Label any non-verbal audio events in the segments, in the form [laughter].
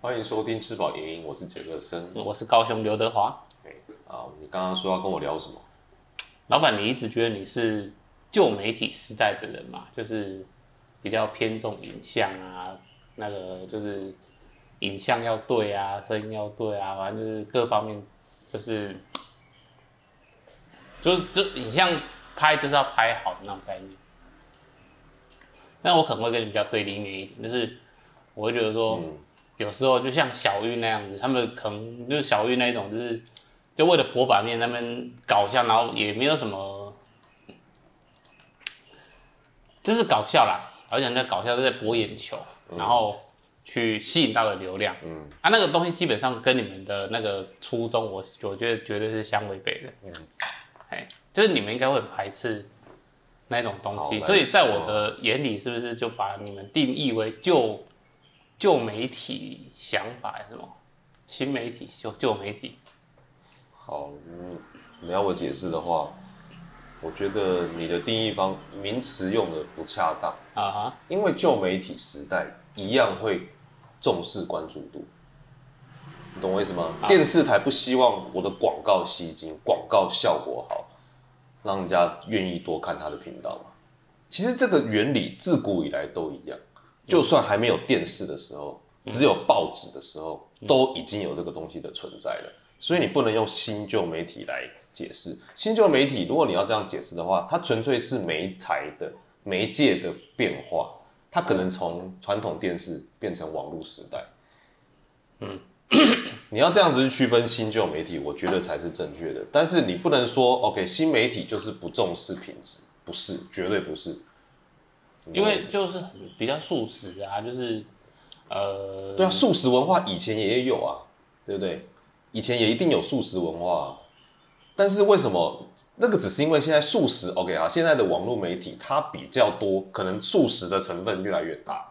歡迎收聽吃飽言音，我是傑克森，我是高雄劉德華，嗯。啊，你剛剛說要跟我聊什麼？老闆，你一直覺得你是舊媒體時代的人嘛？就是比較偏重影像啊，那個就是影像要對啊，聲音要對啊，反正就是各方面、就是，就是就是就影像拍就是要拍好的那種概念。那我可能會跟你比較對立面一,一點，就是我會覺得說。嗯有時候就像小玉那樣子，他們可能就是小玉那一種，就是就為了博版面，他們搞笑，然後也沒有什麼，就是搞笑啦，而且那搞笑都在博眼球，嗯、然後去吸引到的流量。嗯，啊，那個東西基本上跟你們的那個初衷，我我覺得絕對是相違背的。嗯，哎，就是你們應該會排斥那種東西，好所以在我的眼裡，是不是就把你們定義為就？舊媒體想法是什麼？新媒體就舊媒體。好，你，你要我解釋的話，我覺得你的定義方名詞用的不恰當啊哈，uh huh. 因為舊媒體時代一樣會重視關注度，你懂我意思嗎？Uh huh. 電視台不希望我的廣告吸睛，廣告效果好，讓人家願意多看他的頻道嘛。其實這個原理自古以來都一樣。就算還沒有電視的時候，只有報紙的時候，都已經有這個東西的存在了。所以你不能用新舊媒體來解釋。新舊媒體，如果你要這樣解釋的話，它純粹是媒材的，媒介的變化，它可能從傳統電視變成網絡時代。嗯， [coughs] 你要這樣子去區分新舊媒體，我覺得才是正確的。但是你不能說，OK，新媒體就是不重視品質，不是，絕對不是。因為就是比較素食啊，就是，呃，對啊，素食文化以前也有啊，對不對？以前也一定有素食文化啊，但是為什麼？那個只是因為現在素食 OK 啊，現在的網絡媒體它比較多，可能素食的成分越來越大，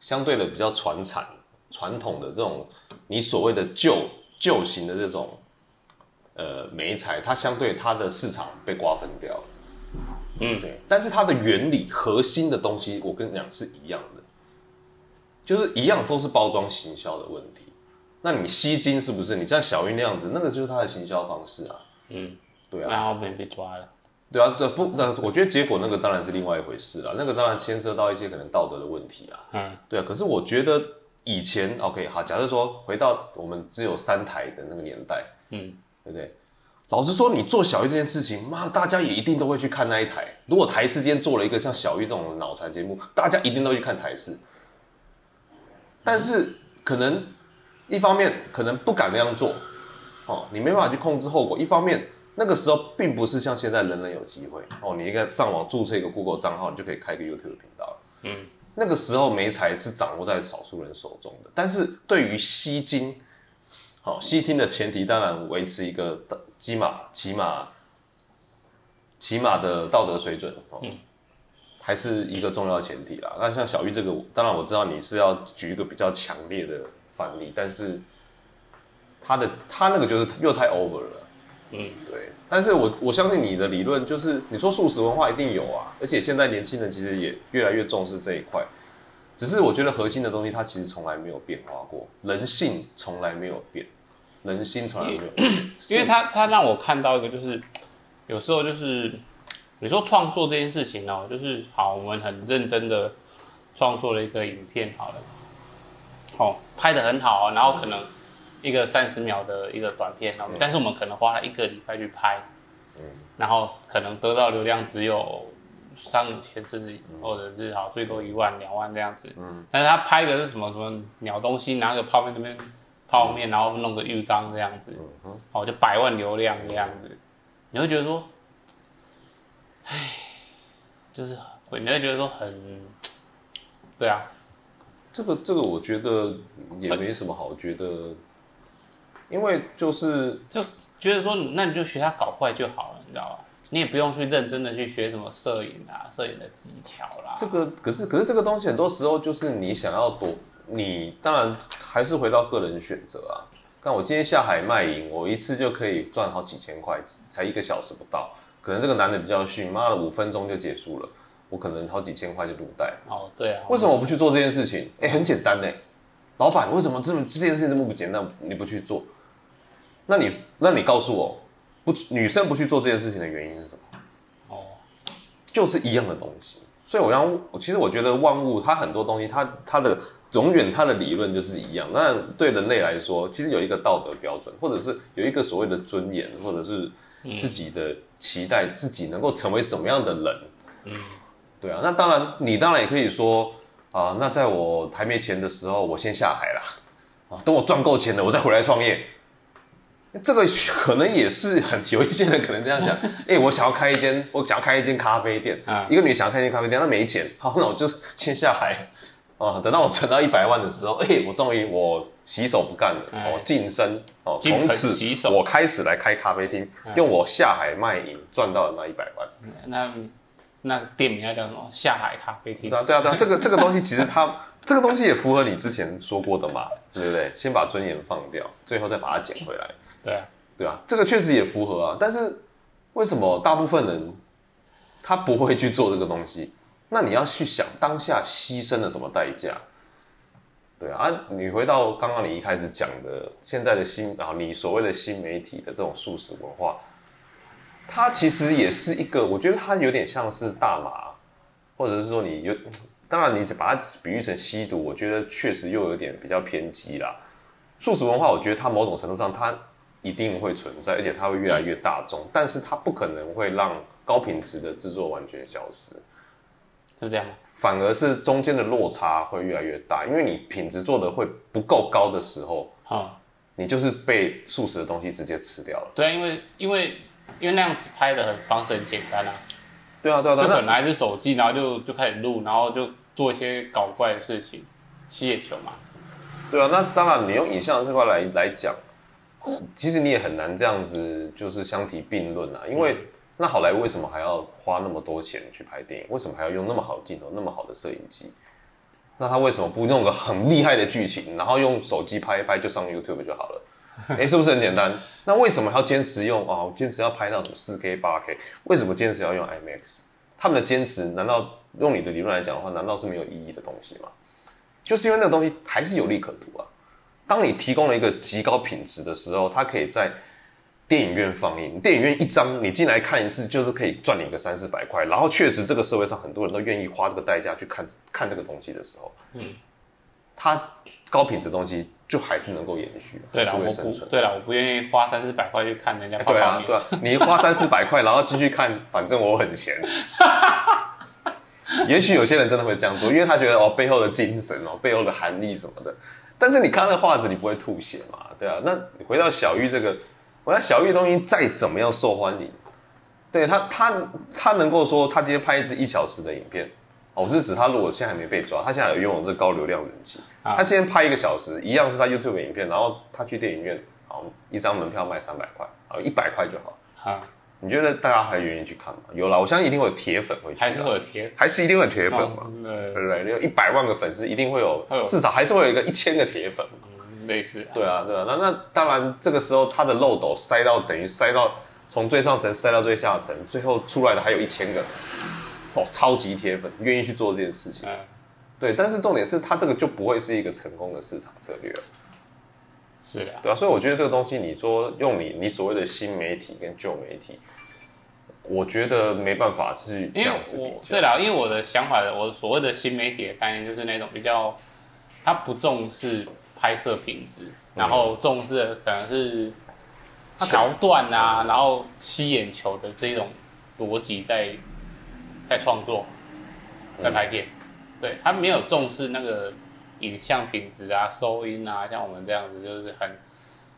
相對的比較傳產、傳統的這種你所謂的舊舊型的這種，呃，媒材，它相對它的市場被瓜分掉了。嗯，對，對，但是它的原理核心的東西，我跟你講是一樣的，就是一樣都是包裝行銷的問題。那你吸金是不是？你像小雲那樣子，那個就是他的行銷方式啊。嗯，對啊。然後被被抓了。對啊，對。不，那我覺得結果那個當然是另外一回事啊，那個當然牽涉到一些可能道德的問題啊。嗯，對啊。可是我覺得以前 OK 好，假設說回到我們只有三台的那個年代，嗯，對不對？老實說，你做小玉這件事情，媽的，大家也一定都會去看那一台。如果台視今天做了一個像小玉這種腦殘節目，大家一定都會去看台視。但是可能一方面可能不敢那樣做，哦，你沒辦法去控制後果。一方面那個時候並不是像現在人人有機會哦，你應該上網注冊一個 Google 賬號，你就可以開個 YouTube 頻道。嗯，那個時候媒體是掌握在少數人手中的。但是對於吸金，好、哦、吸金的前提當然維持一個。起碼，起碼，起碼的道德水準哦，喔嗯、還是一個重要的前提啦。那像小玉這個，當然我知道你是要舉一個比較強烈的反例，但是他的他那個就是又太 over 了，嗯，對。但是我我相信你的理論，就是你說速食文化一定有啊，而且現在年輕人其實也越來越重視這一塊。只是我覺得核心的東西它其實從來沒有變化過，人性從來沒有變。人心從來就，因為他他讓我看到一個就是，是有時候就是，你說創作這件事情哦、喔，就是好，我們很認真的創作了一個影片，好了，哦、喔，拍的很好啊、喔，然後可能一個三十秒的一個短片，然後嗯、但是我們可能花了一個禮拜去拍，嗯、然後可能得到流量只有三五千甚至或者是好、嗯、最多一萬兩、嗯、萬這樣子，嗯、但是他拍的是什麼什麼鳥東西，拿個泡麵這邊。泡麵，然後弄個浴缸這樣子，嗯、哼哦，就百萬流量這樣子，你會覺得說，唉，就是你會覺得說很，對啊，這個這個我覺得也沒什麼好覺得，很因為就是就，就是覺得說，那你就學他搞壞就好了，你知道吧？你也不用去認真的去學什麼攝影啊，攝影的技巧啦。這個可是可是這個東西很多時候就是你想要躲，你當然還是回到個人選擇啊！但我今天下海賣淫，我一次就可以賺好幾千塊，才一個小時不到。可能這個男的比較遜，媽的五分鐘就結束了，我可能好幾千塊就入袋了。哦，oh, 對啊。為什麼我不去做這件事情？哎、嗯欸，很簡單哎、欸，老闆，為什麼這麼這件事情這麼不簡單？你不去做？那你那你告訴我，不女生不去做這件事情的原因是什麼？哦，oh. 就是一樣的東西。所以我想，其實我覺得萬物它很多東西，它它的。永遠他的理論就是一樣。那對人類來說，其實有一個道德標準，或者是有一個所謂的尊嚴，或者是自己的期待，自己能夠成為什麼樣的人。嗯，對啊。那當然，你當然也可以說啊，那在我還沒錢的時候，我先下海啦。啊，等我賺夠錢了，我再回來創業。欸，這個可能也是很有一些人可能這樣講。哎， [laughs] 欸，我想要開一間，我想要開一間咖啡店。啊，嗯，一個女想要開一間咖啡店，那沒錢。好，那我就先下海。啊、哦！等到我存到一百萬的時候，哎、欸，我終於我洗手不幹了，我晉升哦，從此我開始來開咖啡廳，唉用我下海賣淫賺到的那一百萬。那那個、店名叫什麼？下海咖啡廳。對啊，對啊，對啊，這個這個東西其實它 [laughs] 這個東西也符合你之前說過的嘛，對不對？先把尊嚴放掉，最後再把它撿回來。對啊，對啊，這個確實也符合啊。但是為什麼大部分人他不會去做這個東西？那你要去想當下犧牲了什麼代價？對啊，啊，你回到剛剛你一開始講的，現在的新啊，你所謂的新媒體的這種速食文化，它其實也是一個，我覺得它有點像是大麻，或者是說你有，當然你把它比喻成吸毒，我覺得確實又有點比較偏激啦。速食文化，我覺得它某種程度上它一定會存在，而且它會越來越大眾，但是它不可能會讓高品質的製作完全消失。是這樣，反而是中間的落差會越來越大，因為你品質做得會不夠高的時候，嗯、你就是被速食的東西直接吃掉了。對啊，因為因為因為那樣子拍的方式很簡單啊。對啊，對啊，就本來是手機，然後就就開始錄，然後就做一些搞怪的事情，吸眼球嘛。對啊，那當然，你用影像這塊來來講，其實你也很難這樣子就是相提並論啊，因為。嗯那好萊塢為什麼還要花那麼多錢去拍電影？為什麼還要用那麼好的鏡頭、那麼好的攝影機？那他為什麼不弄個很厲害的劇情，然後用手機拍一拍就上 YouTube 就好了？哎、欸，是不是很簡單？那為什麼還要堅持用啊？哦、堅持要拍到什麼 4K、8K？為什麼堅持要用 IMAX？他們的堅持，難道用你的理論來講的話，難道是沒有意義的東西嗎？就是因為那個東西還是有利可圖啊。當你提供了一個極高品質的時候，它可以在。電影院放映，電影院一張，你進來看一次，就是可以賺你個三四百塊。然後確實，這個社會上很多人都願意花這個代價去看看這個東西的時候，嗯，它高品質東西就還是能夠延續，對、嗯，是會生存。對啦，我不願意花三四百塊去看人家泡泡。欸、對啊，對啊，你花三四百塊然後繼續看， [laughs] 反正我很閒。 [laughs] 也許有些人真的會這樣做，因為他覺得哦，背後的精神哦，背後的含義什麼的。但是你看那畫質，你不會吐血嘛？對啊，那你回到小玉這個。我想小玉東西再怎麼樣受歡迎，對他他他能夠說他今天拍一支一小時的影片，我是指他如果現在還沒被抓，他現在有擁有這高流量人氣好他今天拍一個小時一樣是他 YouTube 影片，然後他去電影院好，一張門票賣三百塊啊，一百塊就好，好你覺得大家還願意去看嗎？有了，我相信一定會有鐵粉會去，還是會有鐵，還是一定會有鐵粉嘛，哦、對對，有一百萬個粉絲一定會有，至少還是會有一個一千個鐵粉嘛。類似啊，對啊，對啊。那那當然，這個時候它的漏斗塞到等於塞到從最上層塞到最下層，最後出來的還有一千個哦，超級鐵粉願意去做這件事情，嗯、對。但是重點是他這個就不會是一個成功的市場策略了，是的、啊，對啊。所以我覺得這個東西，你說用你你所謂的新媒體跟舊媒體，我覺得沒辦法去這樣子比較，我對了，因為我的想法，我所謂的新媒體的概念就是那種比較，他不重視。拍攝品質，然後重視的可能是橋段啊，然後吸眼球的這種邏輯在在創作，在拍片，嗯，對，他沒有重視那個影像品質啊、收音啊，像我們這樣子就是很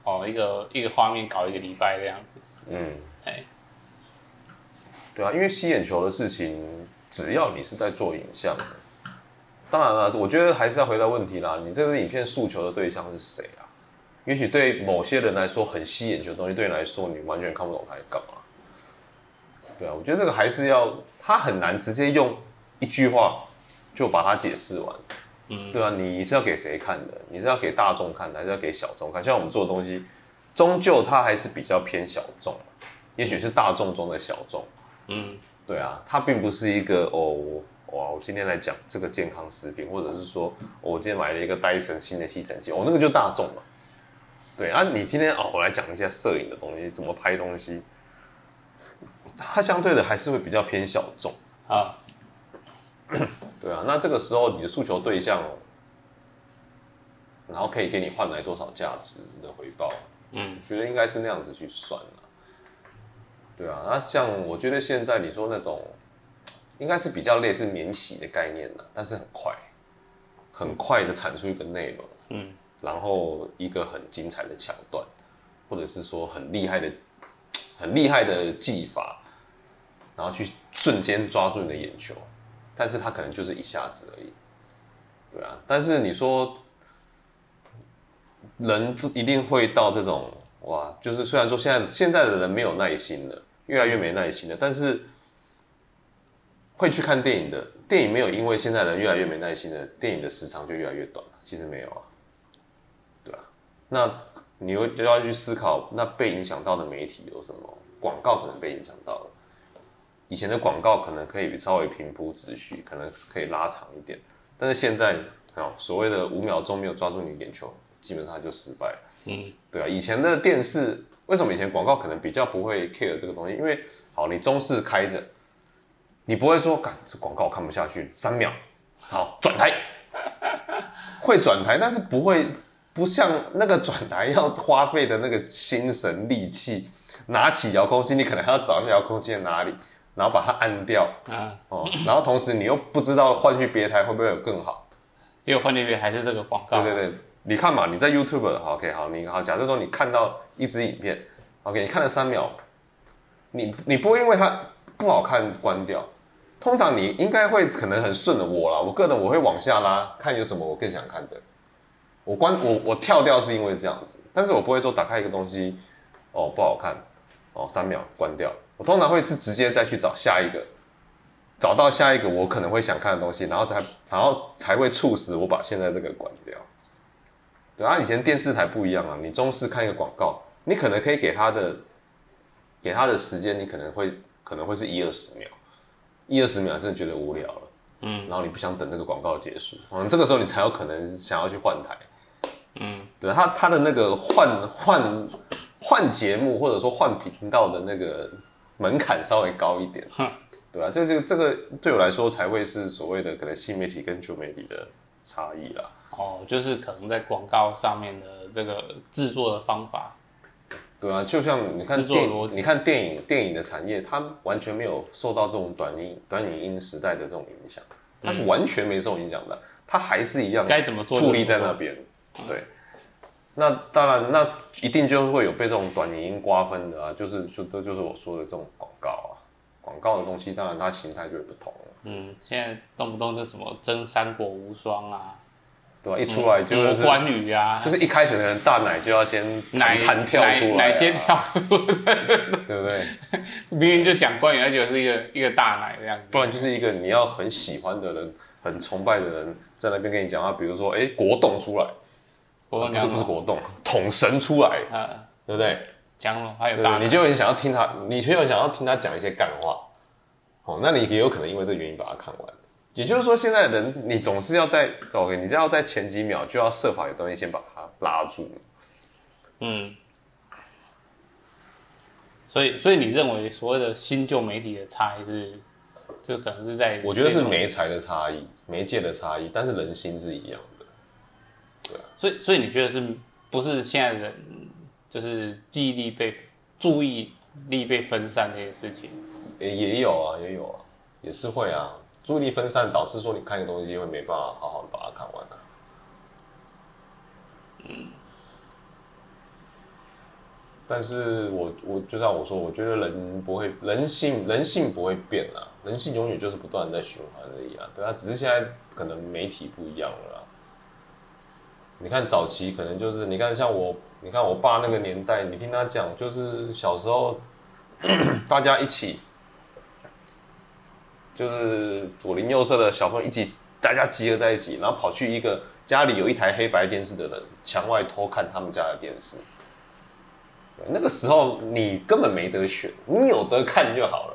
哦、喔、一個一個畫面搞一個禮拜這樣子，嗯，哎對，對啊，因為吸眼球的事情，只要你是在做影像的，當然了、啊，我覺得還是要回答問題啦。你這個影片訴求的對象是誰啊？也許對某些人來說很吸引眼球的東西，對你來說你完全看不懂它在幹嘛？對啊，我覺得這個還是要，它很難直接用一句話就把它解釋完。嗯，對啊，你是要給誰看的？你是要給大眾看，還是要給小眾看？像我們做的東西，終究它還是比較偏小眾，也許是大眾中的小眾。嗯，對啊，它並不是一個哦。我今天來講這個健康食品，或者是說，我今天買了一個戴森新的吸塵器，我、哦、那個就大眾了。對啊，你今天哦，我來講一下攝影的東西，怎麼拍東西，它相對的還是會比較偏小眾啊。對啊，那這個時候你的訴求對象、哦，然後可以給你換來多少價值的回報？嗯，我覺得應該是那樣子去算啊。對啊，那、啊、像我覺得現在你說那種。應該是比較類似免洗的概念了，但是很快，很快的產出一個內容。嗯，然後一個很精彩的橋段，或者是說很厲害的、很厲害的技法，然後去瞬間抓住你的眼球，但是他可能就是一下子而已，對啊，但是你說，人一定會到這種，哇，就是雖然說現在現在的人沒有耐心了，越來越沒耐心了，但是。會去看電影的電影沒有，因為現在人越來越沒耐心了，電影的時長就越來越短了。其實沒有啊，對啊，那你會就要去思考，那被影響到的媒體有什麼？廣告可能被影響到了，以前的廣告可能可以稍微平鋪直敘，可能可以拉長一點，但是現在，好，所謂的五秒鐘沒有抓住你眼球，基本上就失敗了。嗯，對啊，以前的電視為什麼以前廣告可能比較不會 care 這個東西？因為好，你中視開着。你不會說，幹，這廣告我看不下去，三秒，好轉台，會轉台，但是不會，不像那個轉台要花費的那個心神力氣，拿起遙控器，你可能還要找那遙控器在哪裡，然後把它按掉，啊，哦，然後同時你又不知道換去別台會不會有更好，又換那邊還是這個廣告啊，對對對，你看嘛，你在 YouTube，OK，好，OK，好，你好，假設說你看到一支影片，OK，你看了三秒，你你不會因為它。不好看，關掉。通常你應該會可能很順的我啦，我個人我會往下拉，看有什麼我更想看的。我關我我跳掉是因為這樣子，但是我不會說打開一個東西，哦不好看，哦三秒關掉。我通常會是直接再去找下一個，找到下一個我可能會想看的東西，然後才然後才會促使我把現在這個關掉。對啊，以前電視台不一樣啊，你中視看一個廣告，你可能可以給他的給他的時間，你可能會。可能會是一二十秒，一二十秒，真的覺得無聊，了，嗯，然後你不想等這個廣告結束，嗯，嗯，這個時候你才有可能想要去換台，嗯，對，他他的那個換換換節目或者說換頻道的那個門檻稍微高一點，哼 對啊，這個這個這個對我來說才會是所謂的可能新媒體跟舊媒體的差異啦，哦，就是可能在廣告上面的這個製作的方法。對啊，就像你看電，你看電影，電影的產業它完全沒有受到這種短影短影音時代的這種影響，嗯，它是完全沒受影響的，它還是一樣矗立在那邊。對，那當然，那一定就會有被這種短影音瓜分的啊，就是就這就是我說的這種廣告啊，廣告的東西，當然它形態就會不同。嗯，現在動不動就什麼真三國無雙啊。對吧？一出來就是、嗯、關羽啊，就是一開始的人大奶就要先彈跳出來、啊奶，奶先跳出來、啊， [laughs] 對不對？明明就講關羽，而且得是一個、嗯、一個大奶這樣子，不然就是一個你要很喜歡的人、很崇拜的人在那邊跟你講話，比如說哎、欸，國動出來，國不是不是國動，統神出來，啊、對不對？講了，還有大，那你就很想要聽他，你卻很想要聽他講一些幹話，哦，那你也有可能因為這個原因把他看完。也就是說，現在人、嗯、你總是要在 OK，你只要在前幾秒就要設法有東西先把它拉住。嗯，所以所以你認為所謂的新舊媒體的差異，是，就可能是在我覺得是媒材的差異、媒介的差異，但是人心是一樣的，對、啊、所以所以你覺得是不是現在人就是記憶力被、注意力被分散這些事情？也、欸、也有啊，也有啊，也是會啊。注意力分散導致說，你看的東西會沒辦法好好把它看完，啊、但是我我就像我說，我覺得人不會人性人性不會變啊，人性永遠就是不斷在循環而已啊。對啊，只是現在可能媒體不一樣了。你看早期可能就是你看像我你看我爸那個年代，你聽他講就是小時候咳咳大家一起。就是左鄰右舍的小朋友一起，大家集合在一起，然後跑去一個家裡有一台黑白電視的人牆外偷看他們家的電視。那個時候你根本沒得選，你有得看就好了。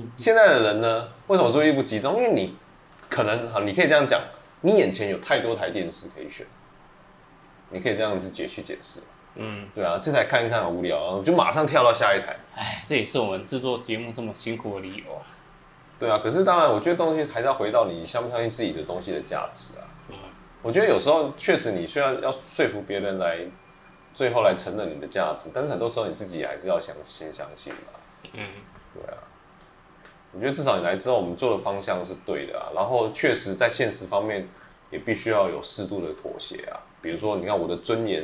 [laughs] 現在的人呢，為什麼注意力不集中？因為你可能哈，你可以這樣講，你眼前有太多台電視可以選，你可以這樣子解去解釋。嗯，對啊，這台看一看很無聊，我就馬上跳到下一台。哎，這也是我們製作節目這麼辛苦的理由。對啊，可是當然，我覺得東西還是要回到你相不相信自己的東西的價值啊。嗯，我覺得有時候確實，你雖然要說服別人來，最後來承認你的價值，但是很多時候你自己還是要想先相信吧。嗯，對啊。我覺得至少你來之後，我們做的方向是對的啊。然後確實在現實方面，也必須要有適度的妥協啊。比如說，你看我的尊嚴，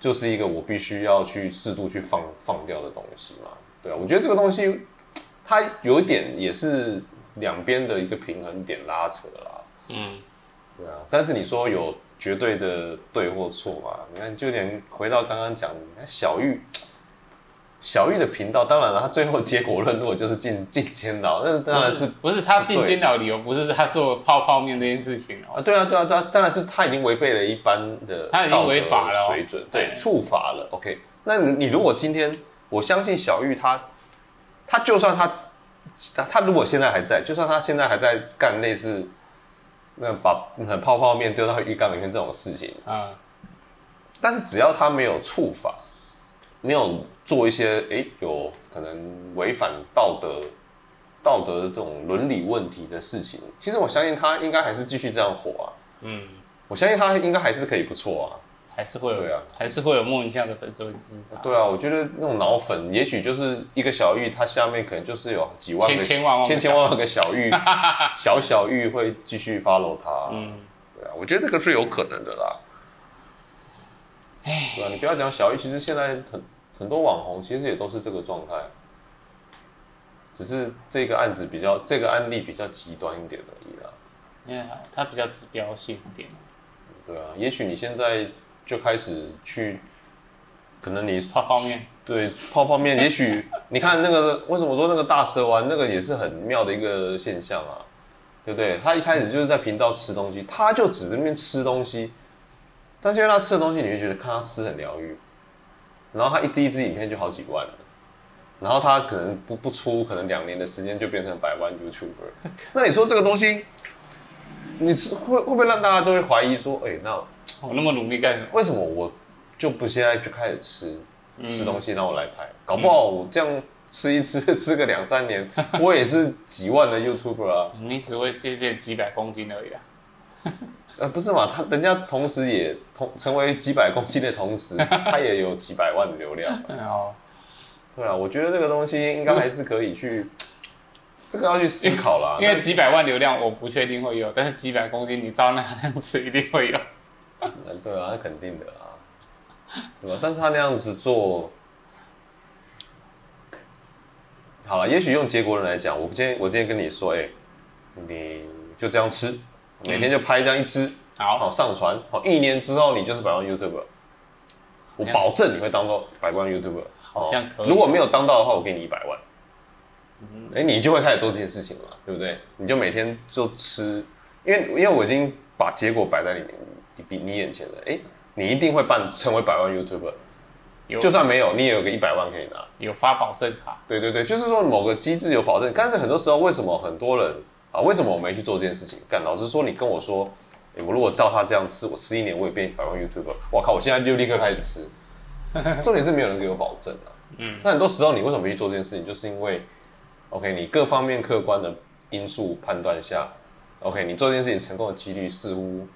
就是一個我必須要去適度去放放掉的東西嘛。對啊，我覺得這個東西。他有一點也是兩邊的一個平衡點拉扯啦，嗯，對啊，但是你說有絕對的對或錯嗎？你看，就連回到剛剛講，你看小玉，小玉的頻道，當然了，他最後結果論如果就是進進監牢，那當然是不，不，是，不是他進監牢理由不是他做泡泡麵這件事情、喔、啊？對啊，對啊，對啊，當然是他已經違背了一般的，他已經違法了、喔，對，觸對法了。OK，那你如果今天，我相信小玉他。他就算他，他如果現在還在，就算他現在還在幹類似那把泡泡麵丟到浴缸裡面這種事情啊，但是只要他沒有觸法，沒有做一些哎、欸、有可能違反道德、道德的這種倫理問題的事情，其實我相信他應該還是繼續這樣火啊。嗯，我相信他應該還是可以不錯啊。還是會啊，還是會有夢魚、啊、這樣的粉絲會支持他。對啊，我覺得那種腦粉，嗯、也許就是一個小玉，他下面可能就是有幾萬個、千千萬萬、千千萬萬個小玉，小小玉會繼續 follow 他。嗯，對啊，我覺得這個是有可能的啦。唉對啊，你不要講小玉，其實現在很很多網紅其實也都是這個狀態，只是這個案子比較，這個案例比較極端一點而已啦。因為它比較指標性一點。對啊，也許你現在。就開始去，可能你泡泡麵，對，泡泡面。也許你看那個，為什麼說那個大蛇丸，那個也是很妙的一個現象啊，對不對？他一開始就是在頻道吃東西，他就只在那邊吃東西，但是因為他吃的東西，你會覺得看他吃很療癒，然後他一第一支影片就好幾萬，然後他可能不不出，可能兩年的時間就變成百萬 YouTuber。那你說這個東西？你吃，會會不會讓大家都會懷疑說，哎、欸，那我那麼努力幹什麼？為什麼我就不現在就開始吃、嗯、吃東西，讓我來拍？嗯、搞不好我這樣吃一吃，吃個兩三年， [laughs] 我也是幾萬的 YouTuber 啊。你只會變幾百公斤而已啊。 [laughs] 呃，不是嘛？他人家同時也同成為幾百公斤的同時， [laughs] 他也有幾百萬的流量，啊。 [laughs] 對啊，我覺得這個東西應該還是可以去。這個要去思考了，因為，但因為幾百萬流量我不確定會有，但是幾百公斤你照那樣吃一定會有。對啊，那肯定的啊，對吧、啊？但是他那樣子做，好，了，也許用結果人來講，我今天我今天跟你說，哎、欸，你就這樣吃，每天就拍這樣一支好，嗯、然後上傳，好，一年之後你就是百萬 YouTuber，我保證你會當到百萬 YouTuber。好，如果沒有當到的話，我給你一百萬。哎，欸、你就會開始做這件事情嘛，對不對？你就每天就吃，因為因為我已經把結果擺在你面，你你眼前了。哎，你一定會辦成為百萬 YouTuber，就算沒有，你也有個一百萬可以拿。有法保證哈？對對對，就是說某個機制有保證。但是很多時候，為什麼很多人啊？為什麼我沒去做這件事情？幹，老實說，你跟我說、欸，我如果照他這樣吃，我吃一年我也變百萬 YouTuber。我靠，我現在就立刻開始吃。重點是沒有人給我保證啊。嗯。那很多時候你為什麼沒去做這件事情？就是因為。OK，你各方面客觀的因素判斷下，OK，你做這件事情成功的幾率似乎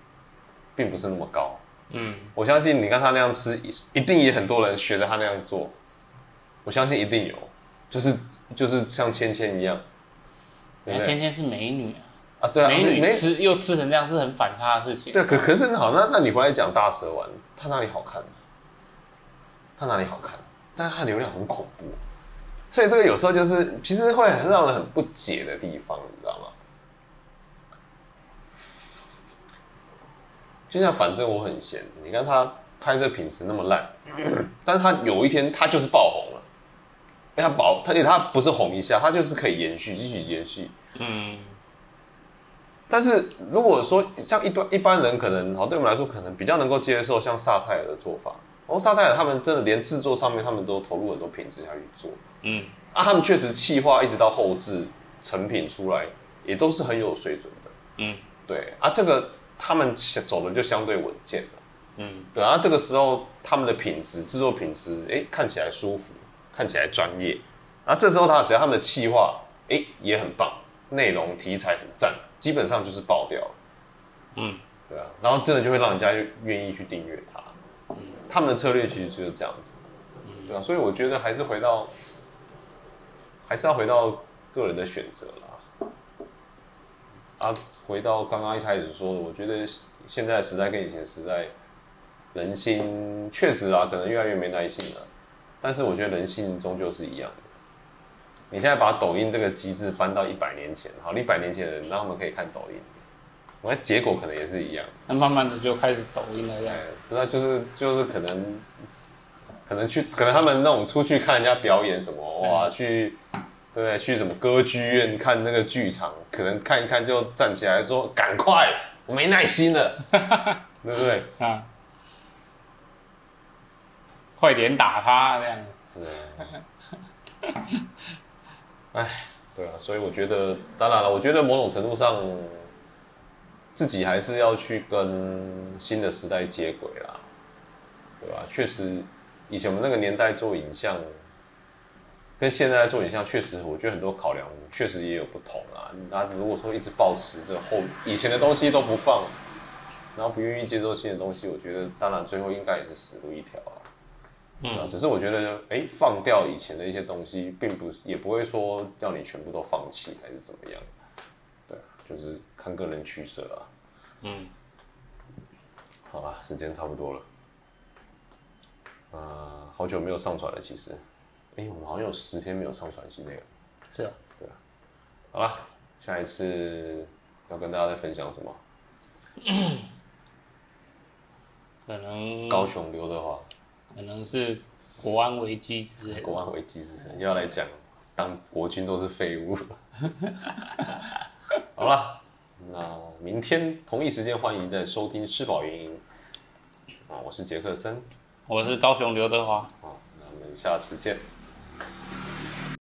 並不是那麼高。嗯，我相信你看他那樣吃，一定也很多人學着他那樣做。我相信一定有，就是就是像芊芊一樣。啊、對，對，芊芊是美女啊！啊，對啊，美女吃又吃成這樣，是很反差的事情。對，可可是好，那那你回來講大蛇丸，他哪裡好看？他哪裡好看？但是他流量很恐怖。所以這個有時候就是其實會很讓人很不解的地方，你知道嗎？就像反正我很閒，你看他拍攝品質那麼爛，但是他有一天他就是爆紅了，他爆，他他不是紅一下，他就是可以延續，繼續延續，嗯。但是如果說像一段一般人可能，好，對我們來說可能比較能夠接受，像薩泰爾的做法。然後沙太爾他們真的連製作上面他們都投入很多品質下去做嗯、啊，嗯，啊，他們確實企劃一直到後製成品出來也都是很有水準的。嗯，對，啊，這個他們走的就相對穩健了，嗯，對，啊，這個時候他們的品質製作品質誒、欸、看起來舒服，看起來專業，啊，這時候他只要他們的企劃誒、欸、也很棒，內容題材很贊，基本上就是爆掉了，嗯，對啊，然後真的就會讓人家願意去訂閱他。他們的策略其實就是這樣子，對吧、啊？所以我覺得還是回到，還是要回到個人的選擇了。啊，回到剛剛一開始說的，我覺得現在時代跟以前時代，人性確實啊，可能越來越沒耐心了、啊。但是我覺得人性終究是一樣的。你現在把抖音這個機制搬到一百年前，好，一百年前的人，那他們可以看抖音。結果可能也是一樣，那慢慢的就開始抖音了，這樣、嗯。那就是就是可能可能去，可能他們那種出去看人家表演什麼，哇，去對，去什麼歌劇院看那個劇場，可能看一看就站起來說：“趕快，我沒耐心了， [laughs] 對不對？”啊，快點打他這樣。哎對， [laughs] 對啊，所以我覺得，當然了，我覺得某種程度上。自己還是要去跟新的時代接軌啦，對吧、啊？確實，以前我們那個年代做影像，跟現在做影像，確實我覺得很多考量確實也有不同啦。那如果說一直保持着後以前的東西都不放，然後不願意接受新的東西，我覺得當然最後應該也是死路一條啦。嗯、啊，只是我覺得，哎、欸，放掉以前的一些東西，並不是也不會說要你全部都放棄還是怎麼樣。就是看個人取捨啊。嗯，好了，時間差不多了。呃，好久沒有上傳了，其實，哎、欸，我們好像有十天沒有上傳是那、喔、個，是啊，對啊。好吧，下一次要跟大家再分享什麼？嗯、可能高雄劉德華，可能是國安危機之、啊，國安危機之神要來講，當國軍都是廢物。 [laughs] 好了，那明天同一時間歡迎再收聽吃飽雲雲啊！我是傑克森，我是高雄劉德華啊！那我們下次見。